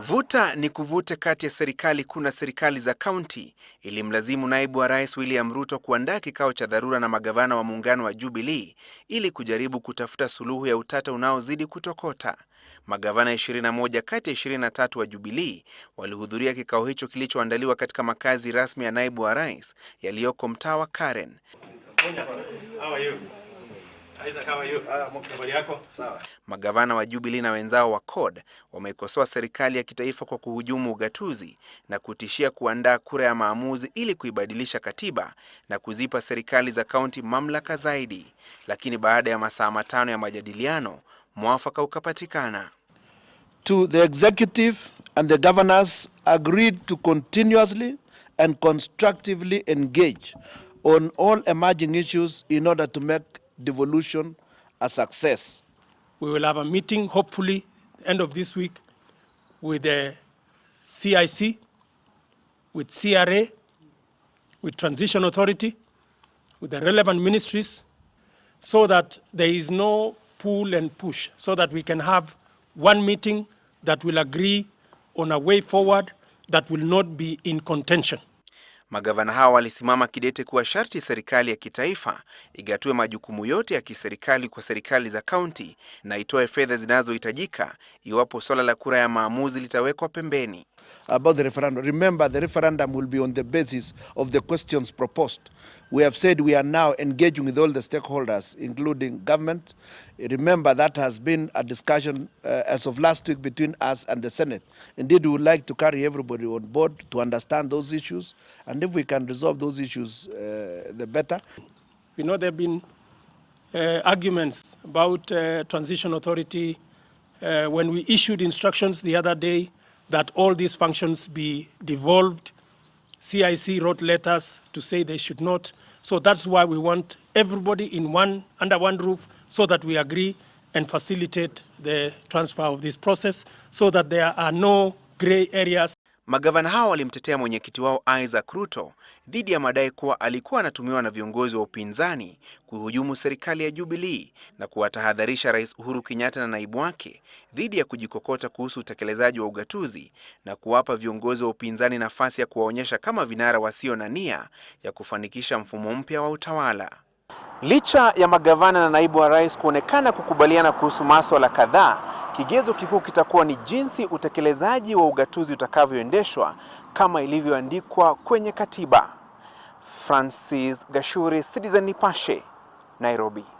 Vuta ni kuvute kati ya serikali kuu na serikali za kaunti ilimlazimu naibu wa rais William Ruto kuandaa kikao cha dharura na magavana wa muungano wa Jubilee ili kujaribu kutafuta suluhu ya utata unaozidi kutokota. Magavana 21 kati ya 23 wa Jubilee walihudhuria kikao hicho kilichoandaliwa katika makazi rasmi ya naibu wa rais yaliyoko mtaa wa Karen. Ah, Magavana wa Jubilee na wenzao wa CORD wameikosoa serikali ya kitaifa kwa kuhujumu ugatuzi na kutishia kuandaa kura ya maamuzi ili kuibadilisha katiba na kuzipa serikali za kaunti mamlaka zaidi, lakini baada ya masaa matano ya majadiliano, mwafaka ukapatikana. To the executive and the governors agreed to continuously and constructively engage on all emerging issues in order to make devolution a success. We will have a meeting, hopefully, end of this week with the CIC, with CRA, with Transition Authority, with the relevant ministries, so that there is no pull and push, so that we can have one meeting that will agree on a way forward that will not be in contention. Magavana hao walisimama kidete kuwa sharti serikali ya kitaifa igatue majukumu yote ya kiserikali kwa serikali za kaunti na itoe fedha zinazohitajika iwapo swala la kura ya maamuzi litawekwa pembeni. About the referendum. Remember the referendum will be on the basis of the questions proposed. We have said we are now engaging with all the stakeholders, including government. Remember, that has been a discussion uh, as of last week between us and the Senate. Indeed, we would like to carry everybody on board to understand those issues, and if we can resolve those issues, uh, the better. We know there have been uh, arguments about uh, transition authority uh, when we issued instructions the other day that all these functions be devolved CIC wrote letters to say they should not. So that's why we want everybody in one, under one roof so that we agree and facilitate the transfer of this process so that there are no gray areas Magavana hao walimtetea mwenyekiti wao Isaac Ruto dhidi ya madai kuwa alikuwa anatumiwa na viongozi wa upinzani kuhujumu serikali ya Jubilee na kuwatahadharisha Rais Uhuru Kenyatta na naibu wake dhidi ya kujikokota kuhusu utekelezaji wa ugatuzi na kuwapa viongozi wa upinzani nafasi ya kuwaonyesha kama vinara wasio na nia ya kufanikisha mfumo mpya wa utawala. Licha ya magavana na naibu wa rais kuonekana kukubaliana kuhusu maswala kadhaa, kigezo kikuu kitakuwa ni jinsi utekelezaji wa ugatuzi utakavyoendeshwa kama ilivyoandikwa kwenye katiba. Francis Gashuri, Citizen Nipashe, Nairobi.